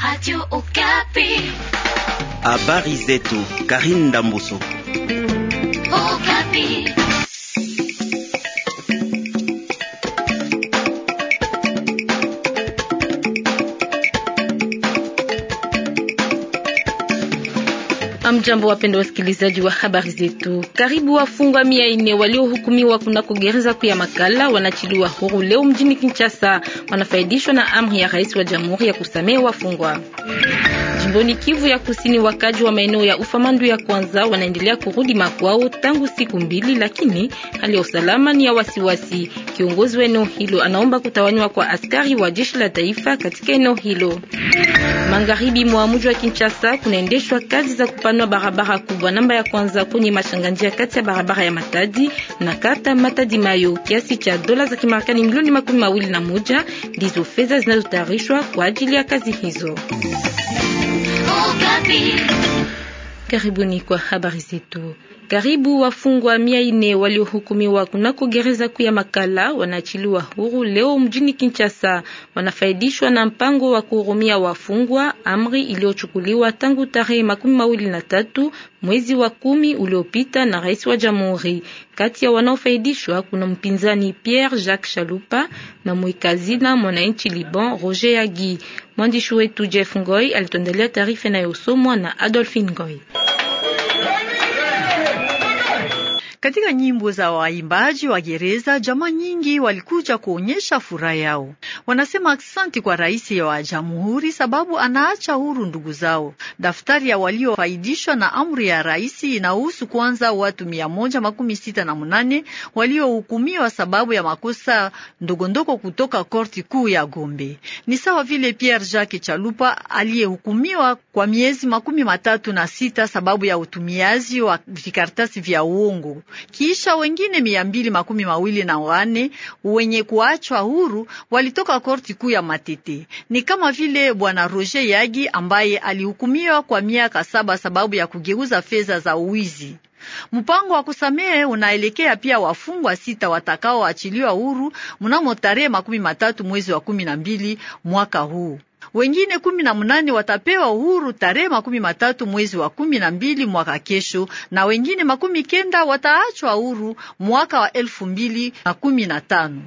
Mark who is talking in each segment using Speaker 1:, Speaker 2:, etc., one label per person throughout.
Speaker 1: Radio Okapi.
Speaker 2: Habari zetu Karinda Mbuso
Speaker 1: Okapi. Amjambo, wapenda wasikilizaji wa habari zetu. Karibu wafungwa mia ine waliohukumiwa kunako gereza kuu ya Makala wanachiliwa huru leo mjini Kinshasa. Wanafaidishwa na amri ya rais wa jamhuri ya kusamehe wafungwa. Jimboni Kivu ya Kusini, wakaji wa maeneo ya Ufamandu ya kwanza wanaendelea kurudi makwao tangu siku mbili, lakini hali ya usalama ni ya wasiwasi. Kiongozi wa eneo hilo anaomba kutawanywa kwa askari wa jeshi la taifa katika eneo hilo. Magharibi mwa mji wa Kinshasa kunaendeshwa kazi za kupanua barabara kubwa namba ya kwanza kwenye mashanganjia kati ya barabara ya Matadi na kata Matadi Mayo, kiasi cha dola za Kimarekani milioni makumi mawili na moja ndizo fedha zinazotayarishwa kwa ajili ya kazi hizo. Karibuni kwa habari zetu. Karibu wafungwa mia ine waliohukumiwa kunako gereza kuu ya Makala wanaachiliwa huru leo mjini Kinshasa. Wanafaidishwa na mpango wa kuhurumia wafungwa, amri iliyochukuliwa tangu tarehe makumi mawili na tatu mwezi wa kumi uliopita na rais wa jamhuri. Kati ya wanaofaidishwa kuna mpinzani Pierre Jacques Chalupa na mwikazina mwananchi Liban Roger Agi. Mwandishi wetu Jeff Ngoy alituandalia taarifa inayosomwa na Adolphine ngoy
Speaker 3: Katika nyimbo za waimbaji wa gereza, jamaa nyingi walikuja kuonyesha furaha yao. Wanasema asanti kwa rais wa jamhuri sababu anaacha huru ndugu zao. Daftari ya waliofaidishwa na amri ya rais inahusu kwanza watu mia moja makumi sita na mnane waliohukumiwa sababu ya makosa ndogondogo kutoka korti kuu ya Gombe. Ni sawa vile Pierre Jacques Chalupa aliyehukumiwa kwa miezi makumi matatu na sita sababu ya utumiaji wa vikaratasi vya uongo kisha wengine mia mbili makumi mawili na wane wenye kuachwa huru walitoka korti kuu ya Matete. Ni kama vile bwana Roger Yagi ambaye alihukumiwa kwa miaka saba sababu ya kugeuza fedha za uwizi. Mpango wa kusamehe unaelekea pia wafungwa sita watakaoachiliwa huru mnamo tarehe makumi matatu mwezi wa kumi na mbili mwaka huu wengine kumi na mnane watapewa uhuru tarehe makumi matatu mwezi wa kumi na mbili mwaka kesho, na wengine makumi kenda wataachwa uhuru mwaka wa elfu mbili na kumi na tano.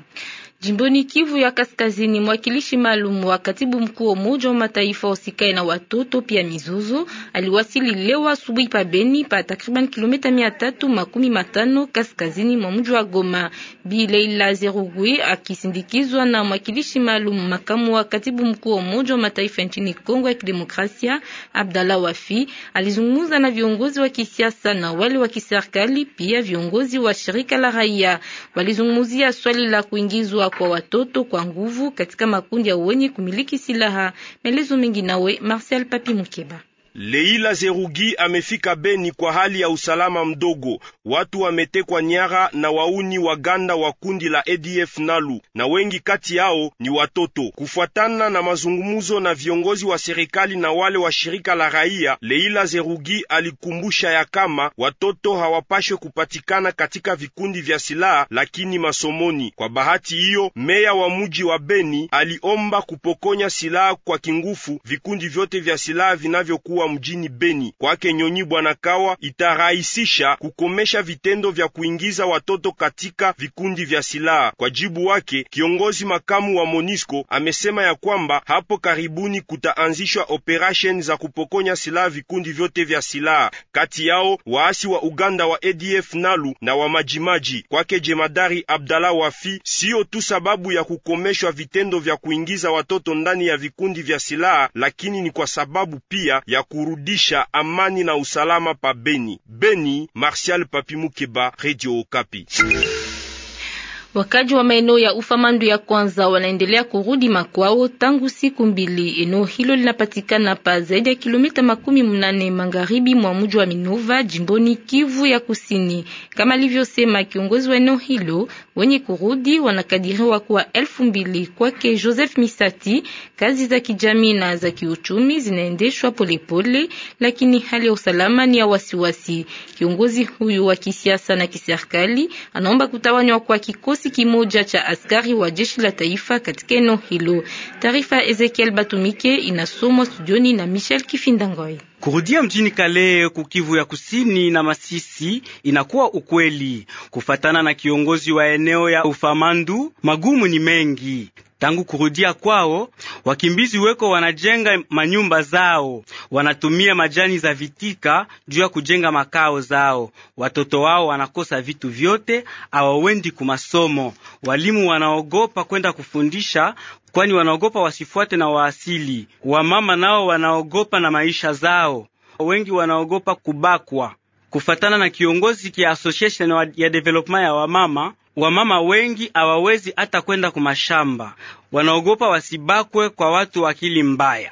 Speaker 3: Jimboni Kivu ya
Speaker 1: Kaskazini, mwakilishi maalum wa katibu mkuu wa Umoja wa Mataifa usikae na watoto pia mizuzu aliwasili leo asubuhi pa Beni pa takriban kilomita mia tatu makumi matano kaskazini mwa mji wa Goma. Bi Leila Zerugui akisindikizwa na mwakilishi maalum makamu wa katibu mkuu wa Umoja wa Mataifa nchini Kongo ya Kidemokrasia Abdallah Wafi alizungumza na viongozi wa kisiasa na wale wa kiserikali, pia viongozi wa shirika la raia walizungumzia swali la kuingizwa kwa watoto kwa nguvu katika makundi ya wenye kumiliki silaha. Maelezo mengi nawe Marcel Papi Mukeba.
Speaker 2: Leila Zerugi amefika Beni kwa hali ya usalama mdogo. Watu wametekwa nyara na wauni waganda wa kundi la ADF Nalu, na wengi kati yao ni watoto. Kufuatana na mazungumzo na viongozi wa serikali na wale wa shirika la raia, Leila Zerugi alikumbusha ya kama watoto hawapashwe kupatikana katika vikundi vya silaha, lakini masomoni. Kwa bahati hiyo, meya wa muji wa Beni aliomba kupokonya silaha kwa kingufu vikundi vyote vya silaha vinavyokuwa kuwa mjini Beni. Kwake Nyonyi Bwana Kawa itarahisisha kukomesha vitendo vya kuingiza watoto katika vikundi vya silaha. Kwa jibu wake, kiongozi makamu wa Monisco amesema ya kwamba hapo karibuni kutaanzishwa operation za kupokonya silaha vikundi vyote vya silaha, kati yao waasi wa Uganda wa ADF Nalu na wa Majimaji. Kwake jemadari Abdallah Wafi, siyo tu sababu ya kukomeshwa vitendo vya kuingiza watoto ndani ya vikundi vya silaha, lakini ni kwa sababu pia ya kurudisha amani na usalama pa Beni. Beni, Martial Papi Mukeba, Radio Okapi.
Speaker 1: Wakaji wa maeneo ya Ufamandu ya kwanza wanaendelea kurudi makwao tangu siku mbili. Eneo hilo linapatikana pa zaidi ya kilomita makumi mnane magharibi mwa mji wa Minova, jimboni Kivu ya Kusini. Kama alivyosema kiongozi wa eneo hilo, wenye kurudi wanakadiriwa kuwa elfu mbili. Kwake Joseph Misati, kazi za kijamii na za kiuchumi zinaendeshwa polepole, lakini hali ya usalama ni ya wasiwasi. Kiongozi huyu wa kisiasa na kiserikali anaomba kutawanywa kwa kikosi kimoja cha askari wa jeshi la taifa katika eneo hilo. Taarifa ya Ezekiel Batumike inasomwa studioni na Michel Kifindangoi.
Speaker 2: Kurudia mjini Kale kukivu ya kusini na Masisi inakuwa ukweli. Kufatana na kiongozi wa eneo ya Ufamandu, magumu ni mengi. Tangu kurudia kwao, wakimbizi weko wanajenga manyumba zao, wanatumia majani za vitika juu ya kujenga makao zao. Watoto wao wanakosa vitu vyote, ku kumasomo. Walimu wanaogopa kwenda kufundisha kwani wanaogopa wasifuate na waasili. Wamama nao wanaogopa na maisha zao, wengi wanaogopa kubakwa. Kufatana na kiongozi kia association ya development ya wamama Wamama wengi hawawezi hata kwenda kumashamba, wanaogopa wasibakwe kwa watu wa akili mbaya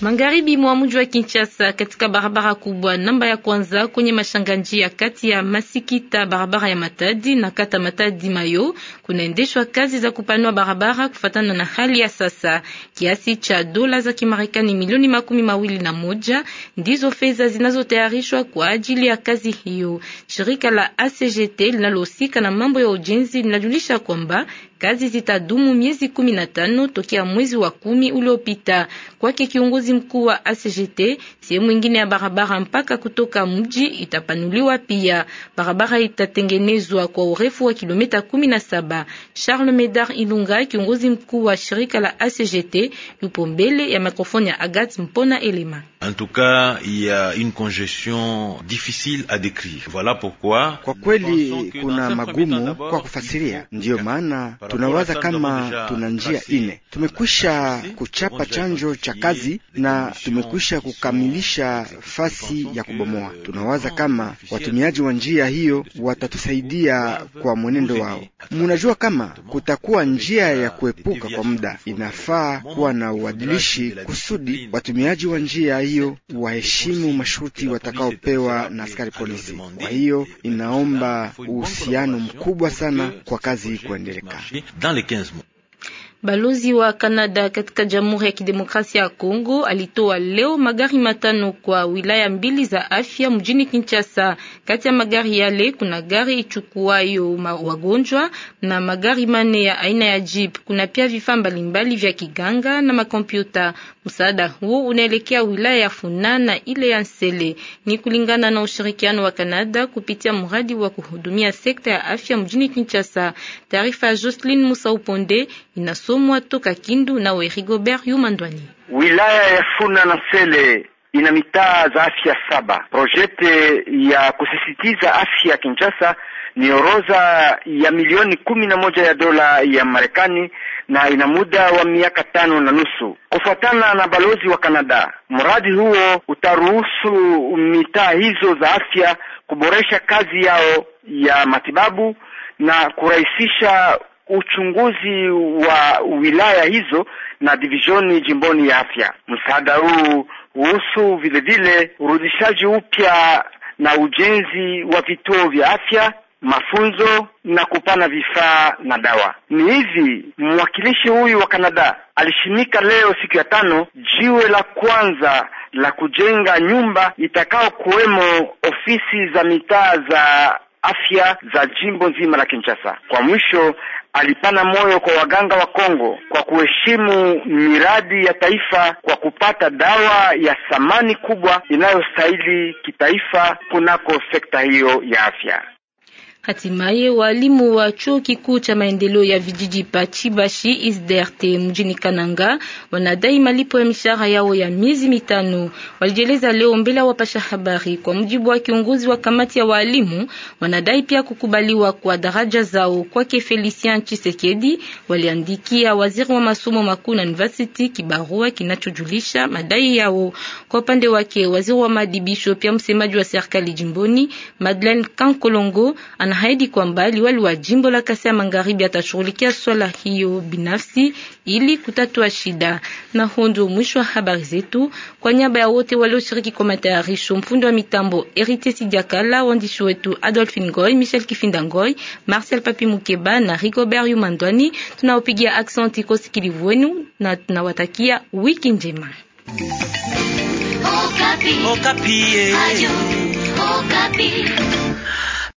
Speaker 1: magharibi mwa mji wa Kinshasa katika barabara kubwa namba ya kwanza kwenye mashanganji ya kati ya Masikita, barabara ya Matadi na kata Matadi Mayo, kunaendeshwa kazi za kupanua barabara kufatana na hali ya sasa. Kiasi cha dola za Kimarekani milioni makumi mawili na moja ndizo fedha zinazotayarishwa kwa ajili ya kazi hiyo. Shirika la ACGT linalohusika na mambo ya ujenzi linajulisha kwamba Kazi zitadumu miezi kumi na tano tokea mwezi wa kumi uliopita. Kwake kiongozi mkuu wa ACGT, sehemu ingine ya barabara mpaka kutoka mji itapanuliwa pia. Barabara itatengenezwa kwa urefu wa kilomita kumi na saba. Charles Medard Ilunga, kiongozi mkuu wa shirika la ACGT, yupo mbele ya mikrofoni ya Agat Mpona Elema.
Speaker 2: En tout cas, il y a une congestion difficile à décrire. Voilà pourquoi. Kwa kweli kuna magumu kwa kufasiria,
Speaker 4: ndiyo maana tunawaza kama tuna njia ine. Tumekwisha kuchapa chanjo cha kazi na tumekwisha kukamilisha fasi ya kubomoa. Tunawaza kama watumiaji wa njia hiyo watatusaidia kwa mwenendo wao. Munajua kama kutakuwa njia ya kuepuka kwa muda, inafaa kuwa na uadilishi kusudi watumiaji wa njia hiyo waheshimu masharti watakaopewa na askari polisi. Kwa hiyo inaomba uhusiano mkubwa sana kwa kazi kuendeleka. dans les 15 mois.
Speaker 1: Balozi wa Kanada katika Jamhuri ya Kidemokrasia ya Kongo alitoa leo magari matano kwa wilaya mbili za afya mjini Kinshasa. Kati ya magari yale kuna gari ichukuayo wagonjwa na magari mane ya aina ya jeep. Kuna pia vifaa mbalimbali vya kiganga na makompyuta. Msaada huo unaelekea wilaya ya Funana na ile ya Nsele. Ni kulingana na ushirikiano wa Kanada kupitia mradi wa kuhudumia sekta ya afya mjini Kinshasa. Taarifa ya Jocelyn Musauponde ina inasomwa toka Kindu nawe Rigobert Yumandwani.
Speaker 4: Wilaya ya Suna na Sele ina mitaa za afya saba. projete ya kusisitiza afya ya Kinshasa ni oroza ya milioni kumi na moja ya dola ya Marekani na ina muda wa miaka tano na nusu. Kufuatana na balozi wa Kanada, mradi huo utaruhusu mitaa hizo za afya kuboresha kazi yao ya matibabu na kurahisisha uchunguzi wa wilaya hizo na divishoni jimboni ya afya. Msaada huu huhusu vile vile urudishaji upya na ujenzi wa vituo vya afya, mafunzo na kupana vifaa na dawa. Ni hivi, mwakilishi huyu wa Kanada alishimika leo siku ya tano jiwe la kwanza la kujenga nyumba itakao kuwemo ofisi za mitaa za afya za jimbo nzima la Kinshasa. Kwa mwisho alipana moyo kwa waganga wa Kongo kwa kuheshimu miradi ya taifa kwa kupata dawa ya thamani kubwa inayostahili kitaifa kunako sekta hiyo ya afya.
Speaker 1: Hatimaye walimu wa chuo kikuu cha maendeleo ya vijiji Pachibashi ISDRT mjini Kananga wanadai malipo ya mishahara yao ya miezi mitano. Walijeleza leo mbele wapasha habari. Kwa mujibu wa kiongozi wa kamati ya walimu, wanadai pia kukubaliwa kwa daraja zao. Kwake Felicien Chisekedi, waliandikia waziri wa masomo makuu na university kibarua kinachojulisha madai yao. Kwa upande wake, waziri wa madibisho pia msemaji wa serikali jimboni Madeleine Kankolongo ana anaahidi kwamba liwali wa jimbo la Kasai Magharibi atashughulikia swala hiyo binafsi ili kutatua shida. Na huo ndio mwisho wa habari zetu. Kwa niaba ya wote walioshiriki kwa matayarisho, mfundo wa mitambo Erite Sidiakala, waandishi wetu Adolphine Goy, Michel Kifinda Ngoy, Marcel Papi Mukeba na Rigobert Yumandwani, tunaopigia aksenti kosikilivu wenu na tunawatakia wiki njema.
Speaker 2: Okapi. Okapi. Eh. Adieu.
Speaker 4: Okapi.